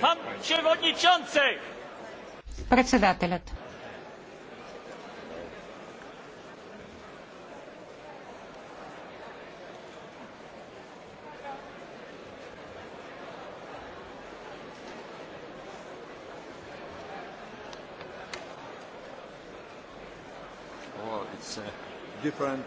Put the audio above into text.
Pan przewodniczący! Председателят. Different